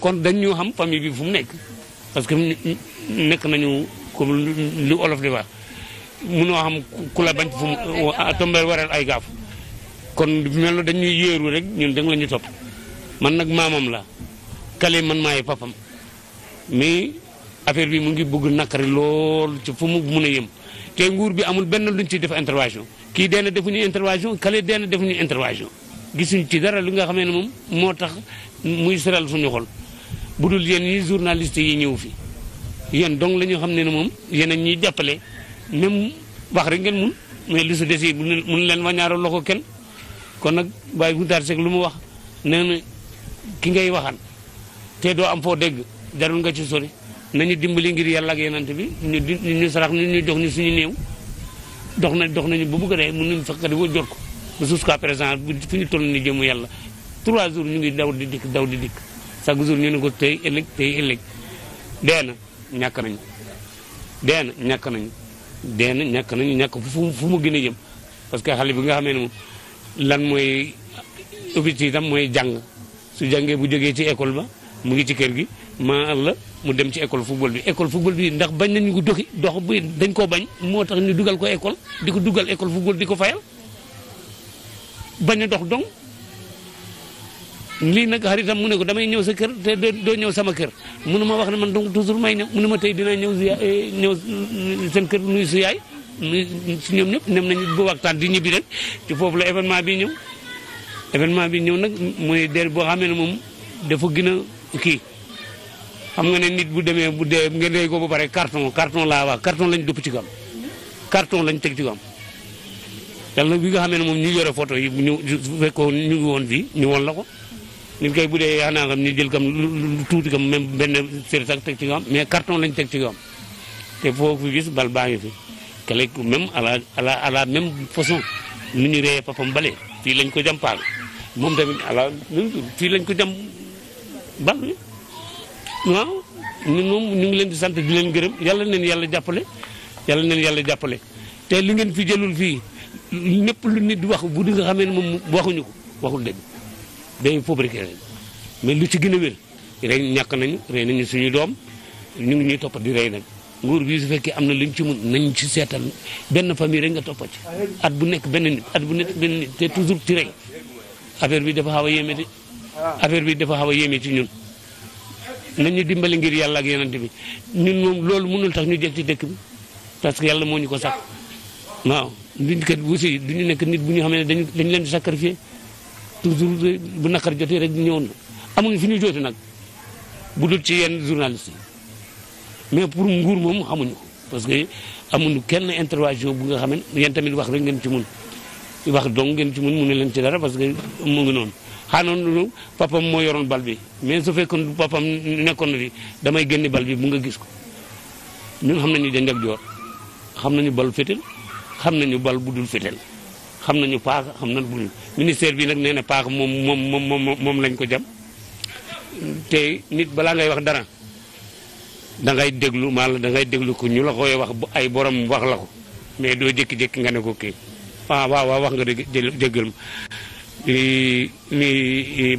kon dañ ñu xam famille bi fu mu nekk parce que nekk nañu comme lu olof di wax mënoo xam ku la bañ fu mu tombé waral ay gaaf kon mel na dañuy yéeru rek ñun da ñu topp man nag maamam la kale man maay papam mais affaire bi mu ngi bëgg nakari lool ci fu mu mun a yëm te nguur bi amul benn luñ ci def intervention kii dee na defuñu intervention kale dee na defuñu intervention gisuñ ci dara li nga xamee ne moom moo tax muy seral suñu xol bu dul yéen yi journaliste yi ñëw fii yéen donc la ñu xam ne ne moom yéen a ñuy jàppale même wax rek ngeen mun mais lu su des yi mun leen wañaaroo loxo kenn kon nag Baye Makhtar Seck lu mu wax nee na ki ngay waxan te doo am foo dégg jarul nga ci sori nañu dimbali ngir yàlla ak yenante bi ñu di ñu sarax ñu ñu jox ñu suñu néew dox na dox nañu ba bëgg a dee mën nañu fekk di ko jot ko ba jusqu'à présent fu ñu toll ni jëmu yàlla trois jours ñu ngi daw di dikk daw di dikk chaque jour ñu ne ko tey ëllëg tey ëllëg dee na ñàkk nañu dee na ñàkk nañu dee na ñàkk nañu ñàkk fu fu mu gën a parce que xale bi nga xamee ne moom lan mooy yi itam mooy jàng su jàngee bu jógee ci école ba mu ngi ci kër gi maa la mu dem ci école football bi école football bi ndax bañ nañu ko doxi dox bi dañ koo bañ moo tax ñu dugal ko école di ko dugal école football di ko fayal bañ a dox dong lii nag xaritam mu ne ko damay ñëw sa kër te doo ñëw sama kër munu ma wax ne man donc toujours may ñëw munu ma tey dinaa ñëw eh, ñëw seen kër nuyu su yaay su ñoom ñëpp nem nañu bu waxtaan di ñibbi rek ci foofu la événement bi ñëw événement bi ñëw nag mooy der boo xamee ne moom dafa gën kii xam nga ne nit bu demee bu dee ngeen rey ko ba pare carton carton laa wax carton lañ dupp ci gam carton lañ teg ci gam yàlla bi nga xamee ne moom ñu yore photo yi ñu fekkoon ñu woon fii ñu woon la ko ñun kay bu dee xanaa xam ni jël kam lu tuuti kam même benn séri sax teg ci yoon mais karton lañ teg ci yoon te foo fi gis bal baa ngi fi kale même à la à la à la façon nu ñu reyee papam bale fii lañ ko jam paal moom tamit à la même fii lañ ko jam bal bi waaw ñun moom ñu ngi leen di sant di leen gërëm yàlla neen yàlla jàppale yàlla neen yàlla jàppale te li ngeen fi jëlul fii ñëpp lu nit di wax bu di nga xamee ne moom waxuñu ko waxul dëgg day fabriqué leen mais lu ci gën a wér rey ñàkk nañu rey nañu suñu doom ñu ngi ñuy toppat di rey nag nguur bi su fekkee am na luñ ci mun nañ ci seetal benn famille rek nga toppa ci at bu nekk benn at bu nekk benn te toujours ci rey affaire bi dafa xaw a yéeme affaire bi dafa xaw a yéeme ci ñun nañu dimbali ngir yàlla ak yonent bi ñun moom loolu mënul tax ñu jég ci dëkk bi parce que yàlla moo ñu ko sax waaw duñ kat aussi duñu nekk nit bu ñu xamee ne dañ leen di sacrifier toujours bu naqar jotee rek ñëwoon na amuñu fi ñu joote nag bu dul ci yenn journaliste mais pour nguur moom xamuñu ko parce que amuñu kenn intervention bu nga xam ne yéen tamit wax rek ngeen ci mun wax dong ngeen ci mun mu ne leen ci dara parce que mu ngi noonu xaanoon lu papam moo yoroon bal bi mais su fekkoon papam nekkoon na fi damay génne bal bi bu nga gis ko ñun xam nañu dañ def joor xam nañu bal fétel xam nañu bal bu dul fétel xam nañu paaka xam nañu bul ministère bi nag nee na paax moom moom moom moom lañ ko jam te nit balaa ngay wax dara dangay ngay déglu la da ngay déglu ko ñu la koy wax ay borom wax la ko mais doo jékki-jékki nga ne ko kii ah, waaw waaw wax nga dëgg jéggal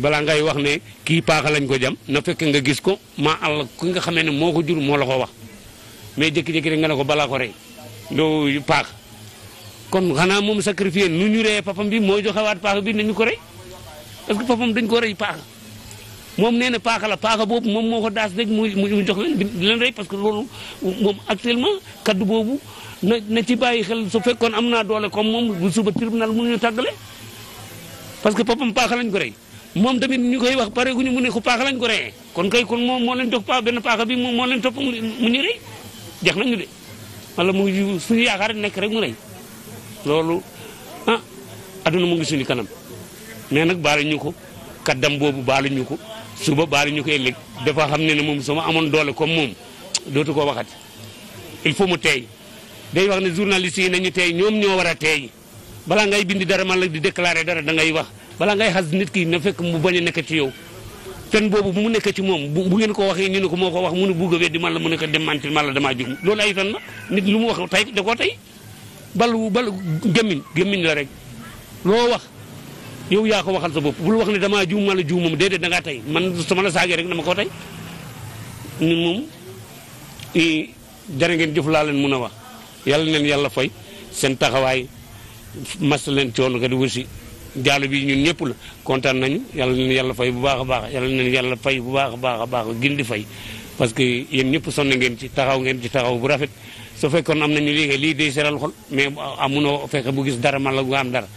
ma ni wax ne kii paaka lañ ko jam na fekk nga gis ko maa àll ki nga xamee ne moo ko jur moo la ko wax mais jékki-jékki nga ne ko balaa ko rey doo paaka kon xanaa moom sacrifié nu ñu reyee papam bi mooy joxewaat paaka bi nañu ko rey parce que papam dañ ko rey moom nee na paaka la paaka boobu moom moo ko daas rek mu mu jox leen di leen rey parce que loolu moom actuellement kaddu boobu na na ci bàyyi xel su fekkoon am naa doole comme moom bu suba tribunal mënuñu tàggale parce que papam paaka lañ ko rey moom tamit ñu koy wax pare gu ñu mu ne ko paaka lañ ko reyee kon kay kon moom moo leen jox paaka benn paaka bi moom moo leen topp mu ñu rey jeex nañu de wala mu suñu yaakaar nekk rek mu rey loolu ah aduna mu ngi suñu kanam mais nag baal ñu ko kaddam boobu baal ñu ko suba baal ñu ko ëllëg dafa xam ne ne moom sama amoon doole comme moom dootu ko waxati il faut mu tey day wax ne journaliste yi nañu tey ñoom ñoo war a tey balaa ngay bind dara man la di déclarer dara da ngay wax balaa ngay xas nit ki na fekk mu bañ a nekk ci yow fen boobu bu mu nekk ci moom bu ngeen ko waxee ñu ne ko moo ko wax mu ne bugg a weddi man la mu nekk dem man la damaa loolu ay fen la nit lu mu wax tey da koo tey balu balu gémmiñ gémmiñ la rek loo wax yow yaa ko waxal sa bopp bul wax ne damaa juum wala juumam déedéet da ngaa tey man sama la saagee rek dama ko tey ñun moom jërë ngeen jëf laa leen mun a wax yàlla leen yàlla fay seen taxawaay mas leen coono ka di wërsi jaalu bi ñun ñëpp la kontaan nañu yàlla leen yàlla fay bu baax a baax yàlla leen yàlla fay bu baax a baax a baax gindi fay parce que yéen ñëpp sonn ngeen ci taxaw ngeen ci taxaw bu rafet su fekkoon am nañu lii lii day seral xol mais amunoo fexe bu gis dara man la nga am dara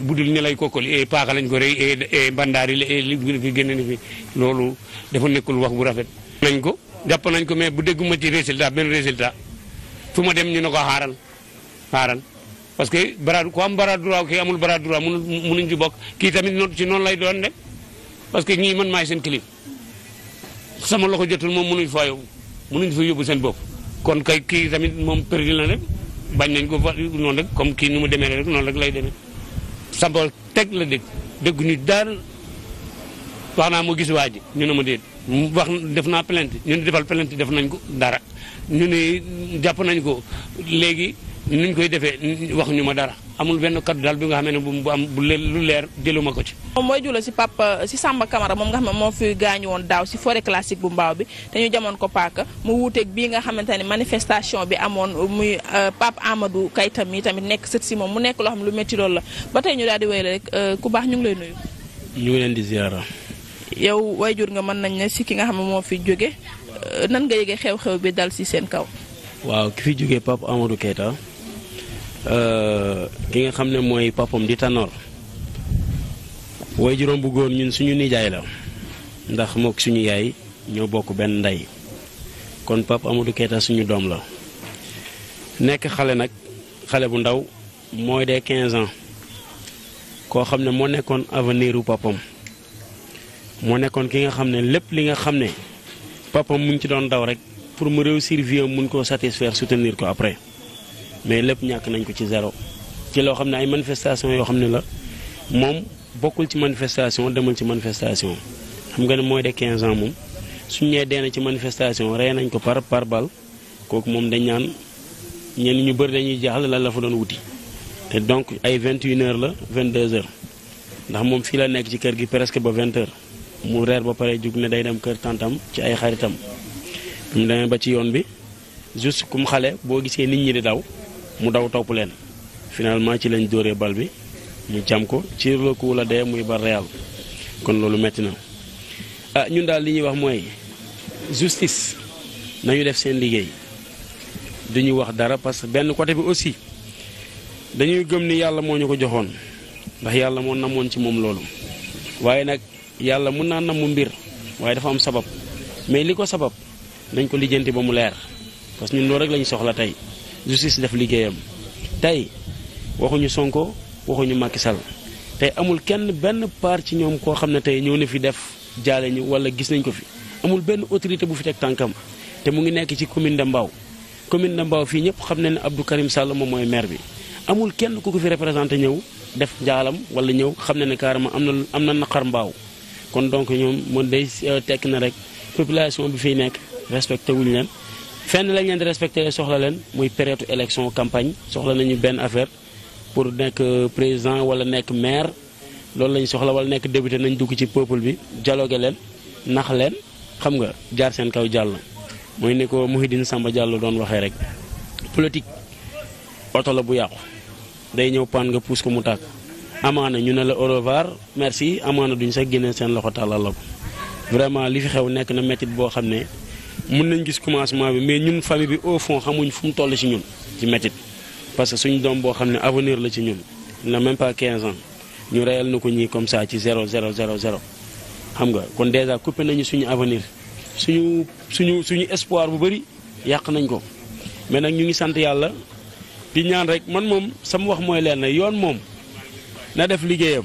bu dul ne lay kokkali eh paaka lañ ko rey eh eh bandaar yi li fi génne ni fi loolu dafa nekkul wax bu rafet nañ ko jàpp nañ ko mais bu dégguma ci résultat benn résultat fu ma dem ñu ne ko xaaral xaaral parce que bara ko am bara droit kii amul bara droit ci bokk kii tamit noonu ci noonu lay doon de parce ñii man maay seen sama loxo jotul moom mënuñ faa yóbbu mënuñ fa yóbbu seen bopp kon kay kii tamit moom perdi na rek bañ nañ ko fa noonu rek comme kii nu mu demee rek noonu rek lay demee sambal teg la dégg dégguñu daal wax naa moo gis waa ji ñu ne ma déet wax def naa plainte ñu ne defal plainte def nañ ko dara ñu ne jàpp nañ ko léegi nuñ koy defee wax ñu ma dara amul benn kaddu daal bi nga xam ne bu am bu lu leer jëluma ko ci. moom mooy jula la papa si Samba Camara moom nga xam ne moo fi daaw si forêt classique bu mbaaw bi te ñu jamoon ko paaka mu wuuteeg bii nga xamante ne manifestation bi amoon muy euh, Pape Amadou Kaytam mi tamit nekk sët si moom mu nekk loo xam lu métti loolu la ba tey ñu daal di wéyale rek euh, ku baax ñu ngi lay nuyu. ñu leen di ziara. yow wayjur nga mën nañ ne si ki nga xam ne moo fi jóge euh, nan nga yëgee xew-xew bi dal si seen kaw. waaw ki fi jógee Pape Amadou Keita Euh, ki nga xam ne mooy papam di Tanor way juróom bu góor ñun suñu nijaay la ndax mook suñu yaay ñoo bokk benn ndey kon Pape Amadou Keita suñu doom la nekk xale nag xale bu ndaw mooy des quinze ans koo xam ne moo nekkoon avenir u papam moo nekkoon ki nga xam ne lépp li nga xam ne papam mu ngi ci doon daw rek pour mu réussir vie mun koo satisfaire sutenir ko après mais lépp ñàkk nañ ko ci zéro ci loo xam ne ay manifestation yoo xam ne la moom bokkul ci manifestation demul ci manifestation xam nga ne mooy de quinze ans moom suñu ñee dee na ci manifestation rey nañ ko par par bal kooku moom dañ naan ñenn ñu bëri dañuy jaaxle lan la fa doon wuti te donc ay vingt heures la 22 heures ndax moom fii la nekk ci kër gi presque ba 20 heures mu reer ba pare jug ne day dem kër tantam ci ay xaritam mu demee ba ci yoon bi juste comme xale boo gisee nit ñi di daw mu daw topp leen finalement ci lañ dóoree bal bi mu jam ko ci la ku la dee muy ba Real kon loolu metti na ah ñun daal li ñuy wax mooy justice nañu def seen liggéey duñu wax dara parce que benn côté bi aussi dañuy gëm ni yàlla moo ñu ko joxoon ndax yàlla moo namoon ci moom loolu waaye nag yàlla mun naa namm mbir waaye dafa am sabab mais li ko sabab nañ ko lijjanti ba mu leer parce que ñun loolu rek lañu soxla tey justice def liggéeyam tey waxuñu Sonko waxuñu Macky Sall tey amul kenn benn part ci ñoom koo xam ne tey ñëw na fi def jaale ñu wala gis nañ ko fi amul benn autorité bu fi teg tànkam te mu ngi nekk ci commune de Mbao commune de fii ñëpp xam ne ne Abdou Karim Sall moom mooy maire bi amul kenn ku ko fi représenté ñëw def njaalam wala ñëw xam ne ne carrément am na am na naqar Mbao kon donc ñoom man day euh, tekk na rek population bi fiy nekk respecté wuñu leen fenn lañ leen di respecté soxla leen muy période élection campagne soxla nañu benn affaire pour nekk président wala nekk maire loolu lañ soxla wala nekk député nañ dugg ci peuple bi dialogué leen nax leen xam nga jaar seen kaw jàll mooy ni ko Mouhidine Samba Diallo doon waxee rek politique oto la bu yàqu day ñëw paan nga puus ko mu tàkk amaana ñu ne la au revoir merci amaana duñ sax génne seen loxo tàllal la ko vraiment li fi xew nekk na métit boo xam ne mun nañ gis commencement bi mais ñun famille bi au fond xamuñ fu mu toll ci ñun ci métit parce que suñu doom boo xam ne avenir la ci ñun na même pas 15 ans ñu reyal na ko ñii comme ça ci zéro zéro zéro zéro xam nga kon déjà coupé nañu suñu avenir suñu suñu suñu espoir bu bëri yàq nañ ko mais nag ñu ngi sant yàlla di ñaan rek man moom sama wax mooy leen na yoon moom na def liggéeyam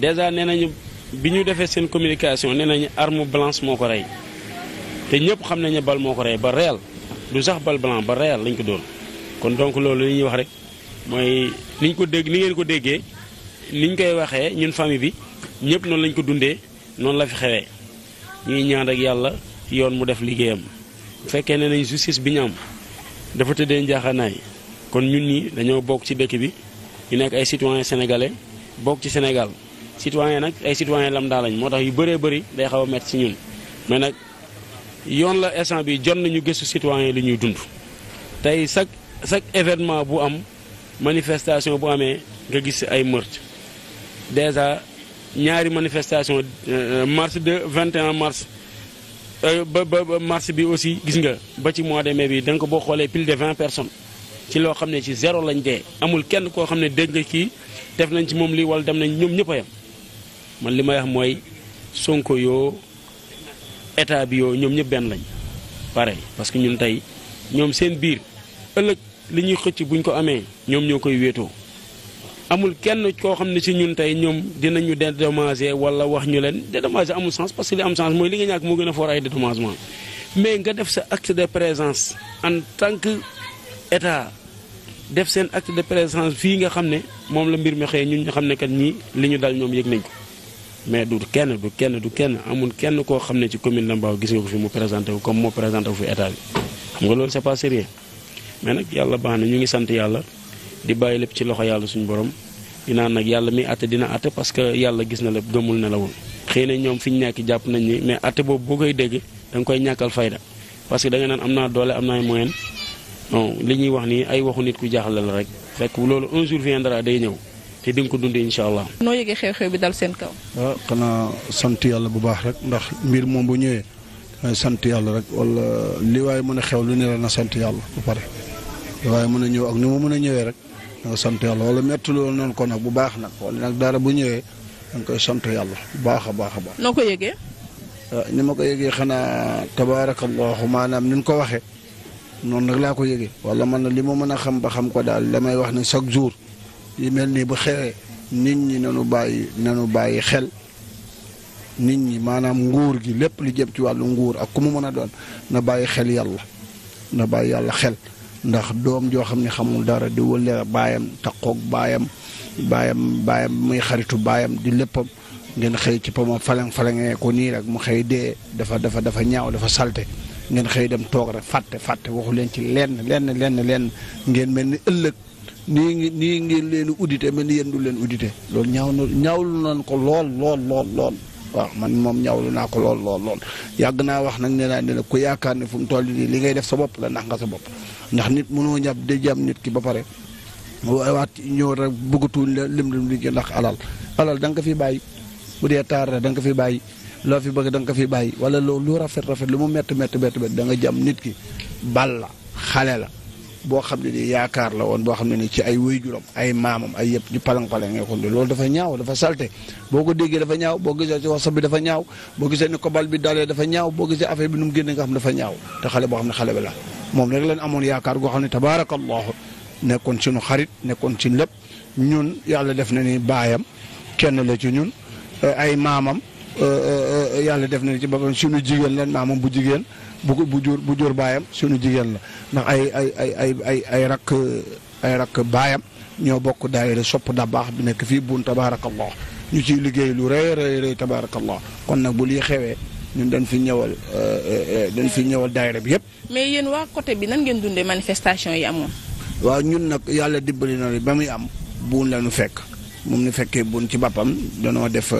déjà nee nañu bi ñu defee seen communication nee nañu arme blanche moo ko rey te ñëpp xam nañ ne bal moo ko rey ba réel du sax bal blanc ba réel lañ ko doon kon donc loolu li ñuy wax rek mooy niñ ko dégg ni ngeen ko déggee niñ koy waxee ñun famille bi ñëpp noonu lañ ko dundee noonu la fi xewee ñuy ñaan rek yàlla yoon mu def liggéeyam bu fekkee ne nañ justice bi ñu am dafa tëddee njaaxanaay kon ñun ñi dañoo bokk ci dëkk bi ñu nekk ay citoyen sénégalais bokk ci Sénégal citoyen nag ay citoyen lam daa lañ moo tax yu bëree bëri day xaw a métti ci yoon la instant bi jot nañu gëstu citoyen li ñuy dund tey chaque chaque événement bu am manifestation bu amee nga gis ay meurtre déjà ñaari manifestation euh, mars de vingt 21 mars euh, ba ba mars bi aussi gis nga ba ci mois de mais bi da ko boo xoolee pile de vingt personnes ci loo xam ne ci zéro lañ dee amul kenn koo xam ne dégg nga kii def nañ ci moom lii wala dem nañ ñoom ñëpp a yam man li may wax mooy Sonko yoo état bi yow ñoom ñëpp benn lañ pare parce que ñun tey ñoom seen biir ëllëg li ñuy xëcc buñ ko amee ñoom ñoo koy wéetoo amul kenn koo xam ne si ñun tey ñoom dinañu dédommager wala wax ñu leen dédommager amul sens parce que li am sens mooy li nga ñàkk moo gën a for ay dédommagement mais nga def sa acte de présence en tant que état def seen acte de présence fii nga xam ne moom la mbir mi xëy ñun ñu xam ne kat ñii li ñu dal ñoom yëg nañ ko mais du kenn du kenn du kenn amul kenn koo xam ne ci commune Lambaw gis nga ko fi mu présenté wu comme moo présenté wu fi état bi xam nga loolu c'est pas sérieux mais nag yàlla baax na ñu ngi sant yàlla di bàyyi lépp ci loxo yàlla suñu borom di naan nag yàlla mi àtte dina àtte parce que yàlla gis na lépp gëmul ne lawul xëy na ñoom fi ñu nekk jàpp nañ ni mais àtte boobu boo koy dégg da nga koy ñàkkal fayda parce que da nga naan am naa doole am naa moyen li ñuy wax nii ay waxu nit ku jaaxle la rek fekk loolu un jour viendra day ñëw te di nga ko allah. noo yëgee xew-xew bi dal seen kaw. waaw ah, xanaa sant yàlla bu baax rek ndax mbir moom bu ñëwee sant yàlla rek wala li waaye mën a xew lu ne na sant yàlla bu pare li waaye mën a ñëw ak ni ma mën a ñëwee rek nga sant yàlla wala métti loolu noonu ko nag bu baax nag wala nag dara bu ñëwee da koy sant yàlla bu baax a baax a baax. noo ko yëgee. Ah, ni ma ko yégee xanaa tabaarakallahu maanaam ni ñu ko waxee noonu nag laa ko yëgee wala man li ma mën a xam ba xam ko daal damay wax ne chaque jour. yu mel nii bu xewee nit ñi nanu bàyyi nanu bàyyi xel nit ñi maanaam nguur gi lépp lu jëm ci wàllu nguur ak ku mu mën a doon na bàyyi xel yàlla na bàyyi yàlla xel ndax doom joo xam ni xamul dara di wëlle baayam takkoog baayam baayam baayam muy xaritu baayam di léppam ngeen xëy ci pamam falan-falangee ko nii rek mu xëy dee dafa dafa dafa ñaaw dafa salte ngeen xëy dem toog rek fàtte fàtte waxu leen ci lenn lenn lenn lenn ngeen mel ni ëllëg nii ngi nii ngeen leen audité mel ni yéen du leen audité loolu ñaaw na ñaawlu nañ ko lool lool lool lool waaw man moom ñaawlu naa ko lool lool lool yàgg naa wax nag nee naa ne nag ku yaakaar ne fu mu toll nii li ngay def sa bopp la ndax nga sa bopp ndax nit mënoo ñab de jam nit ki ba pare waat ñëw rek bëggatuñ la lim lim liggéey ndax alal alal da ko fi bàyyi bu dee taar da nga ko bàyyi loo fi bëgg da ko fi bàyyi wala loolu lu rafet rafet lu mu métti métti métti da nga jam nit ki bal la xale la boo xam ne ni yaakaar la woon boo xam ne ni ci ay waajuram ay maamam ay yëpp ñu palang-palangee ko loolu dafa ñaaw dafa salte boo ko déggee dafa ñaaw boo gisee ci WhatsApp bi dafa ñaaw boo gisee ni kobal bi dalee dafa ñaaw boo gisee affaire bi nu mu génne nga xam dafa ñaaw te xale boo xam ne xale bi la moom rek lañ amoon yaakaar goo xam ne tabaarakallahu nekkoon suñu xarit nekkoon suñu lépp ñun yàlla def na ni baayam kenn la ci ñun ay maamam euh, euh, euh, yàlla def na ci boppam suñu jigéen la maamam bu jigéen bu bu jur bu jur baayam suñu jigéen la ndax ay ay ay ay ay ay rakk ay rakk baayam ñoo bokk daayira sopp da baax bi nekk fii buun tabaarakallah ñu ci liggéey lu rëy rëy rëy tabaarakallah kon nag bu lii xewee ñun dañ fi ñëwal euh, euh, euh, dañ fi ñëwal daayira bi yëpp. mais yéen waa côté bi nan ngeen dundee manifestation yi amoon. waaw ñun nag yàlla dimbali na ba muy am buun la ñu fekk moom ñu fekkee buun ci bappam danoo def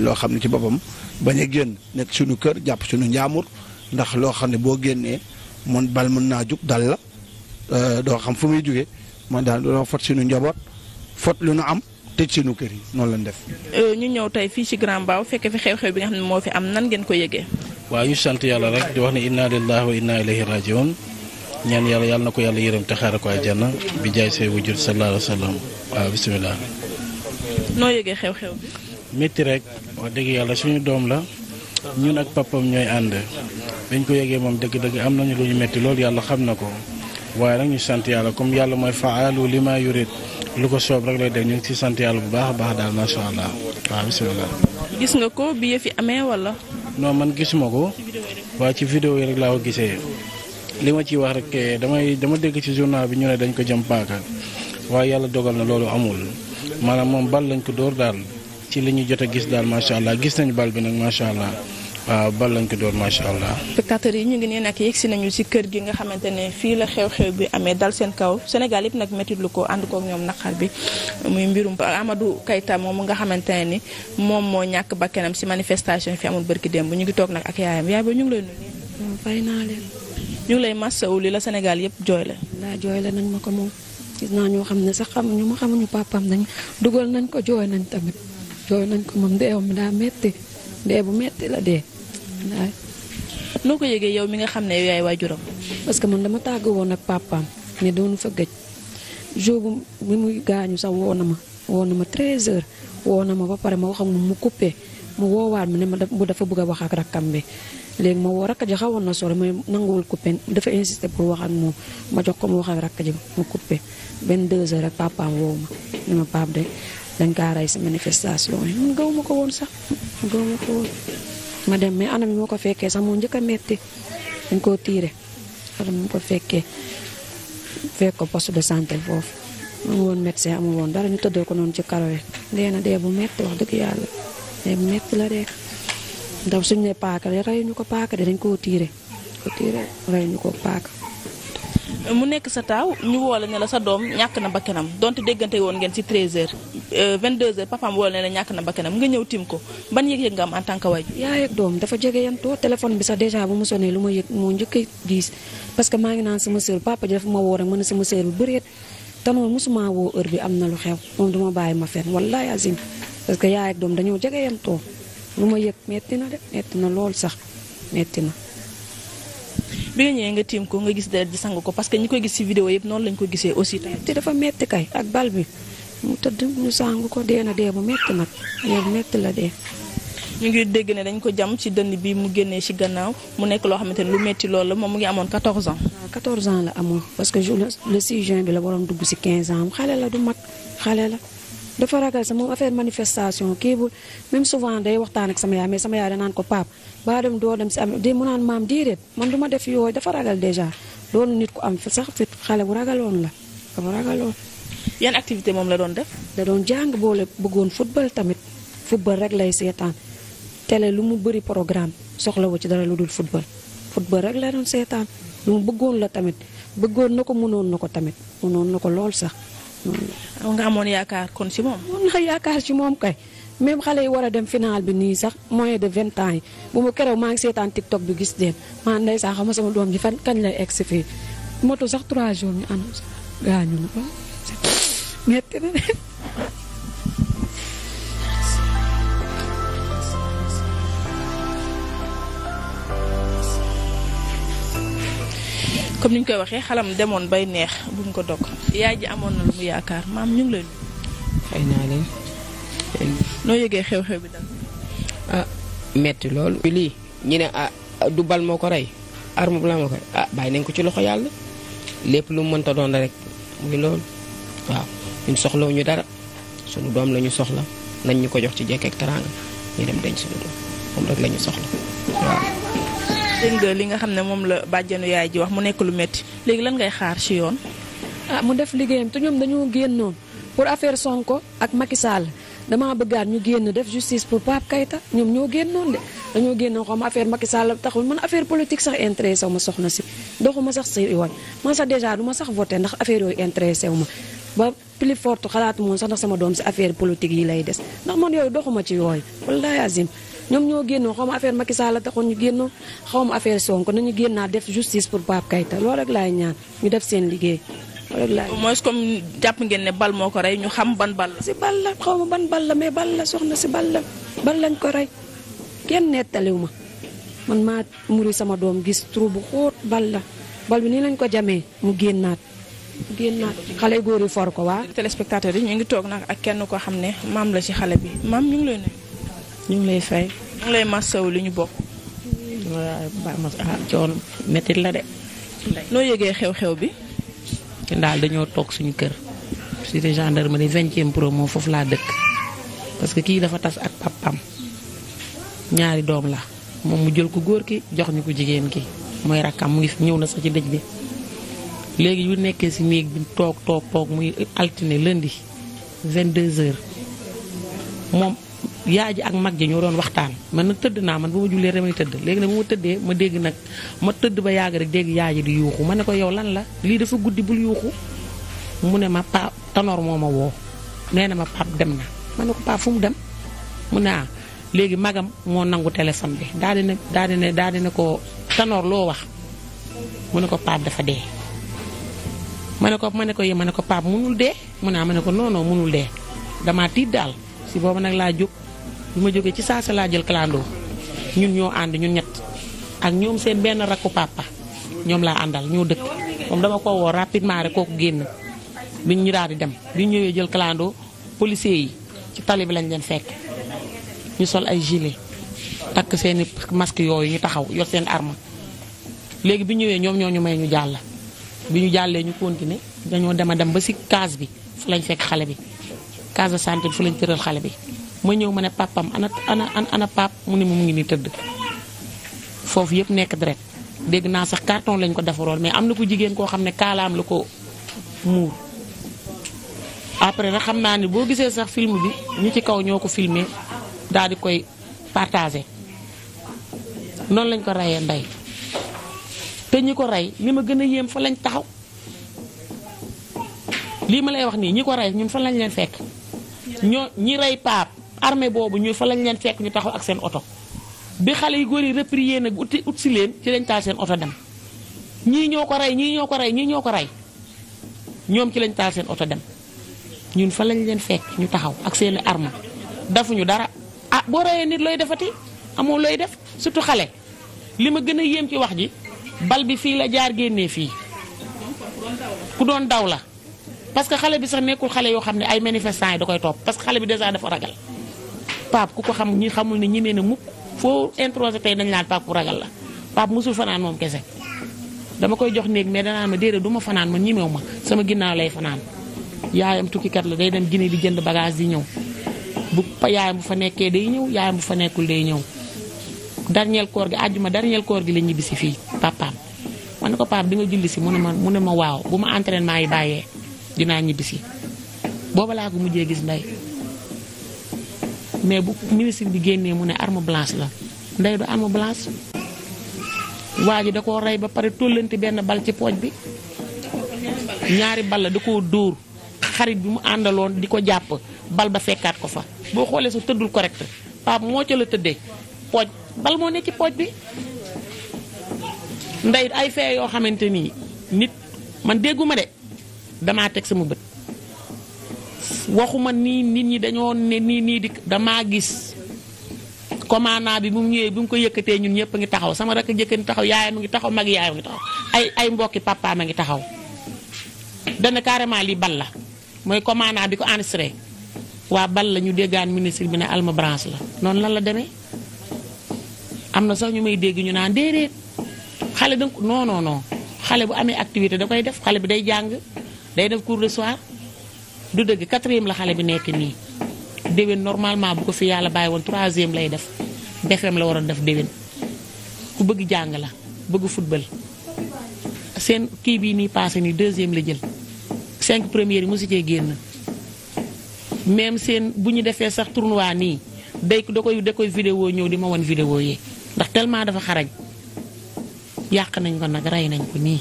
loo xam ne ci boppam bañ a génn nekk suñu kër jàpp suñu njaamur. ndax loo xam ne boo génnee man bal mën naa jug dal la euh, doo xam fu muy jóge man daal doo fot suñu njaboot foot lu nu am tëj suñu kër yi noonu lañ def. Euh, ñu ñëw tey fii ci Grand Mbao fekke fi xew-xew bi nga xam ne moo fi am nan ngeen ko yëgee. waaw ñu sant yàlla rek di wax ne inna lillahi wa inna ilayhi rajiun ñaan yàlla yàlla na ko yàlla yërëm te xaaral ko àjjana bi jaay say wujur sallallahu alayhi wa sallam noo yëgee xew-xew bi. métti rek wax dëgg yàlla suñu doom la. ñun ak papam ñooy ànd dañ ko yegee moom dëgg-dëgg am nañu lu ñu metti loolu yàlla xam na ko waaye nag ñu sant yàlla comme yàlla mooy faalu li ma yurit lu ko soob rek lay def ñu ngi ci sant yàlla bu baax a baax daal macha allah waaw bisimilah. gis nga ko bi yëf yi amee wala. non man gisuma ko waaye ci vidéo yi rek laa ko gisee li ma ciy wax rek eh, damay dama dégg ci journal bi ñu ne dañ ko jëm paaka waaye yàlla dogal na loolu amul maanaam moom bal lañ ko dóor daal. ci li ñu jot a gis daal macha allah gis nañu bal bi nag macha allah. waaw bal lañ ko door macha allah. spectateurs yi ñu ngi nee nag yegsi nañu si kër gi nga xamante ne fii la xew-xew bi amee dal seen kaw Sénégal yëpp nag métti lu ko ànd koog ñoom naqar bi muy mbirum Amadou Keita moom nga xamante ne ni moom moo ñàkk bakkanam si manifestation yi fi amul ñu ngi toog nag ak yaayam yaay ba ñu ngi lay nuyu. fay naa leen. ñu li la Sénégal yëpp jooy la. laa jooy la nañ ma ko moom gis naa ñoo xam ne sax xamuñu ma xamuñu dugal nañ ko jooy nañ tamit. jooy nañ ko moom deewam mi daa metti dee bu metti la dee noo ko yegee yow mi nga xam ne yow yaay waajuram. parce que man dama tàgg woon ak papaam ne doonu fa gëj jour bi muy gaañu sax na ma woo na ma 13h woo na ma ba pare ma wax ak moom mu coupé mu woowaat ma ne ma dafa bugg a wax ak rakkam bi. léegi ma woo rakk ji xawoon na sore mooy nanguwul coupé dafa insister pour wax ak moom ma jox ko mu wax ak rakk ji mu coupé benn deux heures rek papaam ne ma paap de dañ kaa rey si manifestation yi gaw ma ko woon sax gaw ma ko woon ma dem mais anam yi ma ko fekkee sax moo njëkk a metti dañ koo tiire anam yi ma ko fekkee fekk ko poste de santé foofu amul woon médecin amul woon dara ñu tëddee ko noonu ci karo yi dee na dee bu metti wax dëgg yàlla dee bu metti la rek ndax suñu ne paaka rey ñu ko paaka de dañ koo tiire ko tiire rey ñu ko paaka mu nekk sa taaw ñu woo la ne la sa doom ñàkk na bakkanam donte déggante woon ngeen ci 13h euh, 22h papaam woo la ne la ñàkk na bakkanam nga ñëw tim ko ban yëg-yëg nga am en tant que waajur. yaay ak doom dafa jege yantoo téléphone bi sax dèjà bu mu sonné lu ma yëg moo njëkk a parce que maa ngi naan sama sœur papa ji dafa ma woo rek mën na sama sœur bu bëreet te noonu mosuma woo heure bi am na lu xew moom duma bàyyi ma fen wallaahi azim parce que yaay ak doom dañoo jege yantoo lu ma yëg metti na de na lool sax metti na. bi nga ñëwee nga tiim ko nga gis deret ji sang ko parce que ñi koy gis ci vidéo yëpp noonu lañ ko gisee aussi te dafa metti kay ak bal bi mu tëdd ñu sang ko dee na dee bu metti nag dee bu metti la dee. ñu ngi dégg ne dañ ko jam ci dënn bi mu génnee ci gannaaw mu nekk loo xamante ne lu metti loolu la moom mu ngi amoon 14 ans. waaw ah, ans la amoon parce que le 6 juin bi la waroon dugg ci 15 ans xale la du mat xale la. dafa ragal sama affaire manifestation kii bu même souvent day waxtaan ak sama yaay mais sama yaay danaan ko paap ba dem doo dem si am di mu naan maam déedéet man du ma def yooyu dafa ragal déjà doon nit ku am sax fit xale bu ragaloon la dafa ragaloon. yan activité moom la doon def. da doon jàng boole bëggoon football tamit football rek lay seetaan tele lu mu bëri programme soxlawu ci dara lu dul football football rek la doon seetaan lu mu bëggoon la tamit bëggoon na ko mënoon na ko tamit mënoon na ko lool sax. nga amoon yaakaar kon ci moom. moom naa yaakaar ci moom kay même xale yi war a dem final bi nii sax moyen de vingt ans yi bu mu kerew maa ngi seetaan TikTok bi gis leen maa ndeysaan xam sama doom ji fan kañ lay egg si fii moto sax trois jours ñu ànd gaañu na metti na comme ni ñu koy waxee xalam demoon bay neex buñ ko dog yaay ji amoon na lu mu yaakaar maam ñu ngi lay leen. noo yëgee xew ah, metti loolu. ñu ne ah du moo ko rey arme bu la moo ko rey ah, bàyyi nañ ko ci loxo yàlla lépp lu mu mënta doon rek muy loolu waaw ñun soxlawuñu dara suñu doom la soxla nañ ñu ko jox ci jekk ak teraanga ñu dem denc suñu doom moom rek la soxla dégg nga li xam ne moom la bàjjanu yaay ji wax mu nekk lu métti léegi lan ngay xaar ci yoon. ah mu def liggéeyam te ñoom dañoo génnoon pour affaire Sonko ak Macky Sall damaa bëggaat ñu génn def justice pour Pape Kayta ñoom ñoo génnoon de dañoo génnoon xam affaire Macky Sall taxul man affaire politique sax intéressé wu ma soxna si doxuma sax si yoon man sax dèjà duma sax voté ndax affaire yooyu intéressé wu ma ba plus forte xalaatu moom sax ndax sama doom si affaire politique yi lay des ñoom ñoo génnoon xaw ma affaire Macky Sall la ñu génnoon xaw ma affaire Sonko nañu génnaat def justice pour Pape Keita loolu rek laay ñaan ñu def seen liggéey. au moins comme jàpp ngeen ne bal moo ko rey ñu xam ban bal si bal la xaw ma ban bal la mais bal la soxna si bal la bal lañ ko rey kenn nettaliw ma man maa muri sama doom gis trou bu xóot bal la bal bi nii lañ ko jamee mu génnaat génnaat xale góor yi for ko waa. téléspectateur yi ñu ngi toog nag ak kenn koo xam ne maam la ci xale bi maam ñu ngi lay ngi lay fay. mu lay masawu li ñu bokk. waaw baax na ah, la de. noo yëgee xew-xew bi. daal dañoo toog suñu kër. cité gendarmerie vingtième promo foofu laa dëkk. parce que kii dafa tas ak papam ñaari doom la moom mu jël ko góor ki jox ñu ko jigéen ki mooy rakkam mu ngi ñëw na sax ci dëj bi. léegi yu nekkee si néeg bi toog toog toog muy altine lundi 22h moom yaay ji ak mag ji ñoo doon waxtaan man na tëdd naa man bu ma jullee damay tëdd léegi nag bu ma tëddee ma dégg nag ma tëdd ba yàgg rek dégg yaay ji di yuuxu ma ne ko yow lan la lii dafa guddi bul yuuxu mu ne ma pa tanoor moo ma woo nee na ma pap dem na ma ne ko pap dem mu ne ah léegi magam moo nangu téléphone bi daal di ne daal di ne daal di ne ko tanoor loo wax mu ne ko pap dafa dee ma ne ko ma ne ko yee ma ne ko pap munul dee mu ne ah ma ne ko non non munul dee damaa tiit daal si boobu nag laa jóg bi ma jógee ci saa si laa jël kalandoo ñun ñoo ànd ñun ñett ak ñoom seen benn rakku papa ñoom laa àndal ñoo dëkk moom dama ko woo rapidement rek kooku génn bi ñu daal di dem bi ñu ñëwee jël kalandoo policiers yi ci tali bi lañ leen fekk ñu sol ay gilet takk seeni masque yooyu ñu taxaw yor seen arme léegi bi ñëwee ñoom ñoo ñu may ñu jàll bi ñu jàllee ñu continuer dañoo dem a dem ba si case bi fu lañ fekk xale bi case de santé bi fu lañ tëral xale bi ma ñëw ma ne papam ana ana ana pap mu ne mu ngi ni tëdd foofu yëpp nekk deret dégg naa sax carton lañ ko defaroon mais am na ku jigéen koo xam ne kaalaam la ko muur après nag xam naa ne boo gisee sax film bi ñu ci kaw ñoo ko filmé daal di koy partagé noonu lañ ko reyee ndey te ñi ko rey li ma gën a yéem fa lañ taxaw lii ma lay wax nii ñi ko rey ñun fan lañ leen fekk ñoo ñi rey paap armée boobu ñu fa lañ leen fekk ñu taxaw ak seen oto bi xale yi góor yi reprier nag uti ut si leen ci lañ taal seen oto dem ñii ñoo ko rey ñii ñoo ko rey ñii ñoo ko rey ñoom ci lañ taal seen oto dem ñun fa lañ leen fekk ñu taxaw ak seen arme dafuñu dara ah boo reyee nit looy defati amoo looy def surtout xale li ma gën a yéem ci wax ji bal bi fii la jaar génnee fii ku doon daw la parce que xale bi sax nekkul xale yoo xam ne ay manifestants yi da koy topp parce que xale bi déjà dafa ragal Pape ku ko xam xamul ne ñemee na mukk foo introsé tey dañ laan Pape ragal la Pape mosul fanaan moom kese dama koy jox néeg mais danaa ma déedéet du ma fanaan man ñemew ma sama ginnaaw lay fanaan yaayam tukkikat la day dem Guinée di jënd bagage di ñëw bu yaayam bu fa nekkee day ñëw yaayam bu fa nekkul day ñëw dernier koor gi àjjuma dernier koor gi la ñibbisi fii papaam ma ne ko pap di nga julli si mu ne ma mu ne ma waaw bu ma entraînement yi bàyyee dinaa ñibbisi booba laa ko mujjee gis ndey mais bu ministre bi génnee mu ne arme blanche la ndey du arme blanche waa ji da koo rey ba pare tóllanti benn bal ci pooj bi ñaari bal la da koo dóor xarit bi mu àndaloon di ko jàpp bal ba fekkaat ko fa boo xoolee sa tëddul correct paap moo ca la tëddee pooj bal moo ne ci pooj bi ndey ay fee yoo xamante nii nit man dégguma de damaa teg sama bët waxuma nii nit ñi dañoo ne nii nii di damaa gis commandant bi mu ñëwee bi mu ko yëkkatee ñun ñëpp ngi taxaw sama rakk jëkkër ngi taxaw yaayam ngi taxaw mag yaayam ngi taxaw ay ay mbokki papaam a ngi taxaw dana carrément lii bal la mooy commandant bi ko enregistré waa bal la ñu déggaan ministre bi ne Alma Branche la noonu lan la deme am na sax ñu may dégg ñu naan déedéet xale da non non non xale bu amee activité da koy def xale bi day jàng day du dëgg quatrième la xale bi nekk nii déwén normalement bu ko fi yàlla bàyyi woon troisième lay def BFEM la waroon def déwén ku bëgg jàng la bëgg football seen kii bii nii passé nii deuxième la jël cinq premières yi mosu génn même seen bu ñu defee sax tournoi nii day da koy da koy vidéo ñëw di ma woon vidéo yi ndax tellement dafa xarañ yàq nañ ko nag rey nañ ko nii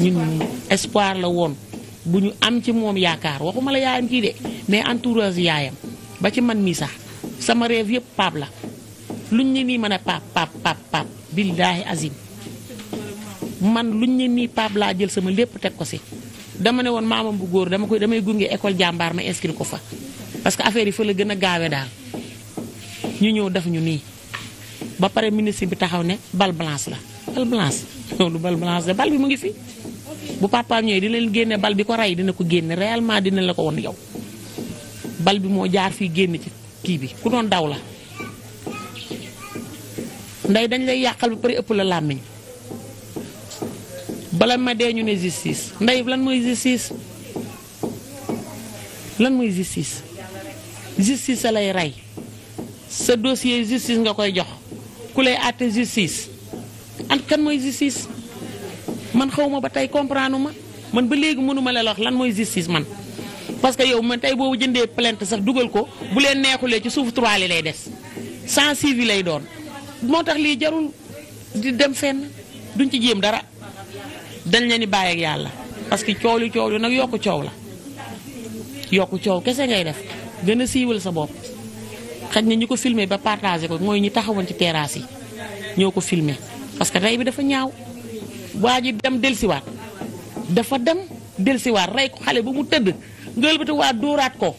ñun espoir la woon bu ñu am ci moom yaakaar waxuma la yaayam kii de mais entourage yaayam ba ci man mii sax sama rêve yëpp paap la luñ ne nii mën a paap paap paap paap billaahi azim man luñ ne nii paap laa jël sama lépp teg ko si dama ne woon maamam bu góor dama koy damay gunge école jàmbaar ma inscrit ko fa parce que affaire yi fa la gën a gaawe daal ñu ñëw def ñu nii ba pare ministre bi taxaw ne bal blanche la bal blanche loolu bal blanche la bal bi mu ngi fi bu papaam ñëwee di leen génne bal bi ko rey dina ko génne réellement dina la ko won yow bal bi moo jaar fii génn ci kii bi ku doon daw la ndey dañ lay yàqal ba pare ëpp la làmmiñ bala ma dee ñu ne justice ndey lan mooy justice lan mooy justice justice sa lay rey sa dossier justice nga koy jox ku lay àtte justice an kan mooy justice man xaw ma ba tey comprendre ma man ba léegi mënuma la wax lan mooy justice man. parce que yow ma tey boobu jëndee plainte sax dugal ko bu leen neexulee ci suuf trois lay des sans suivi lay doon moo tax lii jarul di dem fenn duñ ci jéem dara dañ leen ni bàyyi ak yàlla parce que coow li coow li nag yokk coow la yokku coow kese ngay def gën a siiwal sa bopp. xaj na ñu ko filmé ba partagé ko mooy ñi taxawoon ci terrasse yi ñoo ko filmé parce rey bi dafa ñaaw. waa ji dem delsiwaat dafa dem delsiwaat rey ko xale ba mu tëdd ngëlbati waa dóoraat ko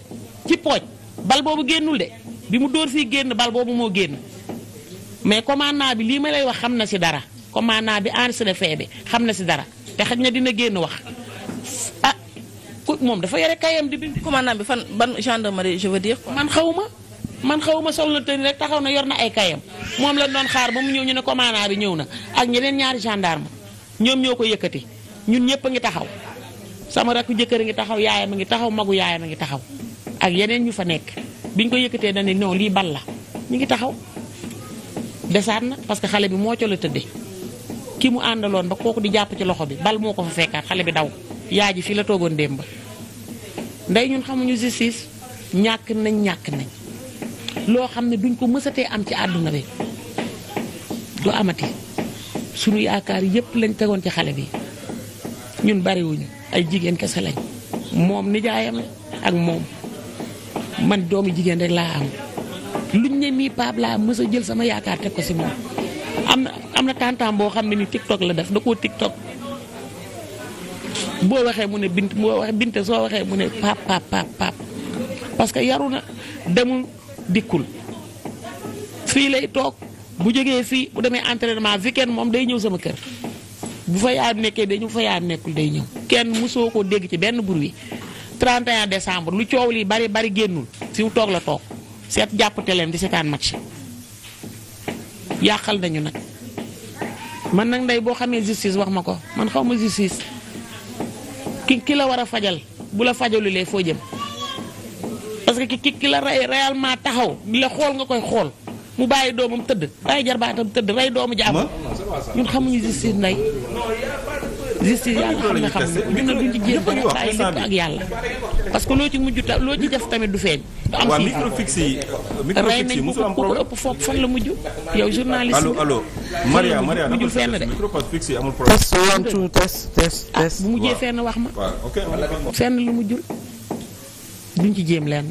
ci pooj bal boobu génnul de bi mu dóor si génn bal boobu moo génn mais commandant bi lii ma lay wax xam na si dara commandant bi enregistré fee bi xam na si dara te xaj na dina génn wax ah ku moom dafa yore kayam di bind. commandant bi fan ban gendarmerie je veux dire. man xaw ma man xaw ma sol na tëni rek taxaw na yor na ay kayam moom la doon xaar ba mu ñëw ñu ne commandant bi ñëw na ak ñeneen ñaari gendarme. ñoom ñoo ko yëkkati ñun ñëpp a ngi taxaw sama rakk jëkkër a ngi taxaw yaayam a ngi taxaw magu yaayam a ngi taxaw ak yeneen ñu fa nekk biñ ko yëkkatee dañ ne non lii bal la ñu ngi taxaw desaat na parce que xale bi moo ca tëdde tëddee ki mu àndaloon ba kooku di jàpp ci loxo bi bal moo ko fa fekkaat xale bi daw yaay ji fii la toogoon démb ndey ñun xamuñu justice ñàkk nañ ñàkk nañ loo xam ne duñ ko mësatee am ci àdduna bi du amati sunu yaakaar yëpp lañ tegoon ci xale bi ñun bariwuñu ay jigéen kese lañ moom nijaayam ak moom man doomu jigéen rek laa am luñ ne mii paab laa mës a jël sama yaakaar teg ko si moom am na am na tantam boo xam ne ni tiktok la def da koo tiktok boo waxee mu ne bint boo waxee bint soo waxee mu ne paap paap paap paap parce que yaru na demul dikkul fii lay toog bu jegee fii bu demee entraînement weekend moom day ñëw sama kër bu fa yaayam nekkee day ñëw bu fa yaayam nekkul day ñëw kenn musoo ko dégg ci benn bruit 31 decembre lu coow lii bari bari génnul fi mu toog la toog seet jàpp te leen di seetaan match yàqal nañu nag man nag ndey boo xamee justice wax ma ko man xaw ma justice ki ki la war a fajal bu la fajalulee foo jëm parce que ki ki la rey réellement taxaw la xool nga koy xool. mu bàyyi doomam tëdd bàyyi jarbaatam tëdd rey doomu jàmm ñun xamuñu justice nday justice yàlla xam nga xam ñun ne duñ ci jéem dara bàyyi ak yàlla parce que loo ci mujj loo ci def tamit du feeñ du am si la mujj yow journaliste allo allo Maria Maria mujjul fenn lu mujjul ci jéem lenn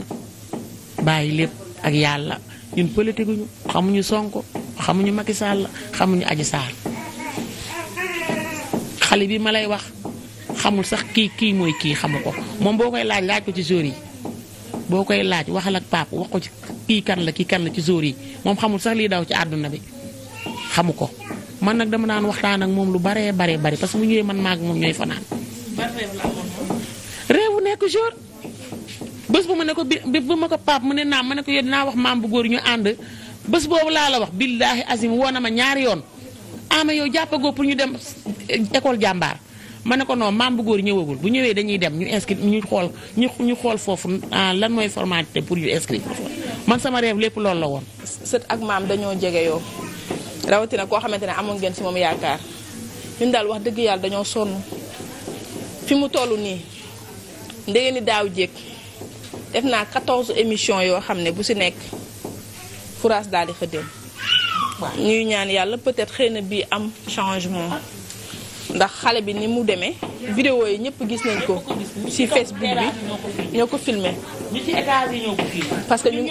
bàyyi lépp ak yàlla ñun politique ñu xamuñu sonk xamuñu Macky la xamuñu Adji Sarr xale bii ma lay wax xamul sax kii kii mooy kii xamu ko moom boo koy laaj laaj ko ci jour yi boo koy laaj waxal ak paap wax ko ci kii la kii kan la ci jour yi moom xamul sax lii daw ci àdduna bi xamu ko man nag dama naan waxtaan ak moom lu baree baree bari parce que bu ñëwee man maag moom ñooy fanaan réewu nekk jour bës bu ma ne ko bi bu ma ko paap mu ne naam ma ne ko yow dinaa wax maam bu góor ñu ànd bés boobu laa la wax billaahi azim woo na ma ñaari yoon ama ah, yow jàppagoo pour ñu dem école jàmbaar ma ne ko non maam bu góor ñëwagul bu ñëwee dañuy dem ñu inscrit ñu xool ñu ñu xool foofu ah, lan mooy formalité pour ñu inscrit man sama reew lépp loolu la woon. sët ak maam dañoo jege yow rawatina koo xamante ne amoon ngeen si moom yaakaar ñun daal wax dëgg yàlla dañoo sonn mu toll nii ndege ni daaw jéeg. def naa 14 émissions yoo xam ne bu si nekk fouraas daal di xëddéem ñuy ñaan yàlla peut-être xëy na bii am changement ndax xale bi ni mu demee vidéo yi ñëpp gis nañ ko ci Facebook bi ñoo ko filmé parce que ñun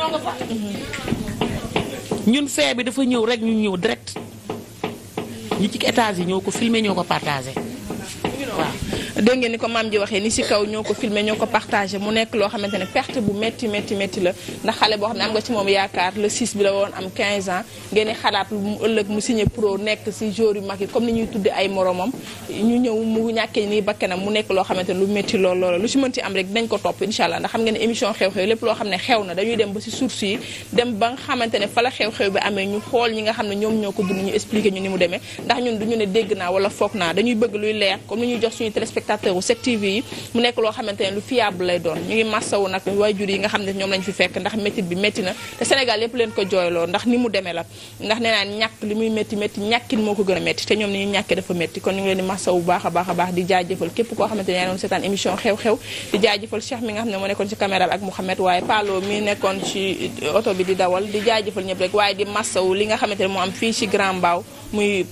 ñun fee bi dafa ñëw rek ñu ñëw direct ñi ci étage yi ñoo ko filmé ñoo ko partagé dégg ngeen ni ko maam ji waxee ni si kaw ñoo ko filmé ñoo ko partagé mu nekk loo xamante perte bu métti métti la ndax xale boo xam ne am nga ci moom yaakaar le 6 bi la woon am 15 ans ngeen ñu ñëw mu ñàkkee nii bakkanam mu loo xamante ne lu métti lool lu si am rek dinañ ko topp incha allah ndax xam ngeen émission xew-xew lépp loo xam ne xew na dañuy dem ba si source yi dem ba nga fa la xew-xew bi amee ñu xool ñi nga xam ne ñoom ñoo ko dund ñu expliqué ñu ni mu demee ndax ñun duñu ne dégg naa wala téléspectateur u 7TV yi mu nekk loo xamante ne lu fiable lay doon ñu ngi massawu nag waajur yi nga xam ne ñoom lañ fi fekk ndax métit bi métti na te Sénégal yëpp leen ko jooyloo ndax ni mu demee la ndax nee naa ñàkk li muy métti métti ñàkkin moo ko gën a métti te ñoom ni ñu ñàkkee dafa métti kon ñu ngi leen di massawu baax a baax a baax di jaajëfal képp koo xamante ne yaa doon seetaan émission xew-xew di jaajëfal Cheikh mi nga xam ne moo nekkoon ci caméra bi ak Mouhamed waaye Paalo mi nekkoon ci oto bi di dawal di jaajëfal ñëpp rek waaye di massawu li nga xamante ne moo mi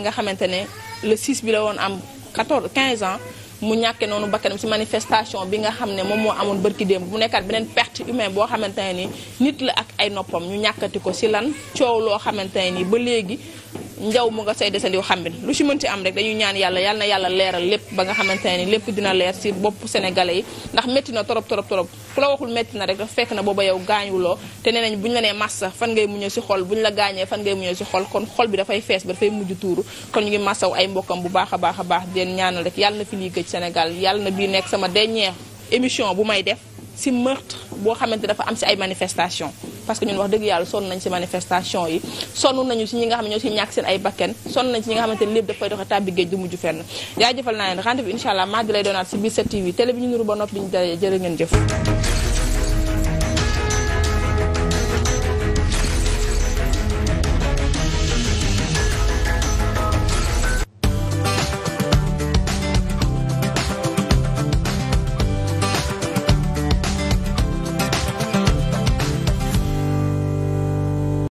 nga xamante ne le 6 bi la woon am 14 15 ans mu ñàkke noonu bakkanam ci manifestation bi nga xam ne moom moo amoon bërki démb mu nekkaat beneen perte humaine boo xamante ne ni nit la ak ay noppam ñu ñàkkati ko ci lan coow loo xamante ne ni ba léegi njaw mu nga say desaliw xambin lu ci mënti am rek dañuy ñaan yàlla yàlla na yàlla leeral lépp ba nga xamante ne ni lépp dina leer si bopp sénégalais yi ndax métti na torop torop torop ku la waxul métti na rek dafa fekk na booba yow gaañuloo te nee nañ bu ñu la nee massa fan ngay muñee ci xol bu ñu la gaañee fan ngay muñee ci xol kon xol bi dafay fees ba dafay mujj tuuru kon ñu ngi massaw ay mbokkam bu baax a baax a baax di leen ñaanal rek yàlla na fi lii gëj Sénégal yàlla na sama dernière émission bu may def si meurtre boo xamante dafa am si ay manifestation parce que ñun wax dëgg yàlla sonn nañ si manifestation yi sonn nañu si ñu nga xam ne ñoo si ñàkk seen ay bakken sonn nañ si ñi nga xamante ne lépp dafay doxe tàbbi géej du mujj fenn jaajëfal naa leen rendez-vous incha allah maa di lay doonaat si biir 7TV télé bi ñu nuru ba noppi ñu jërë ngeen jëf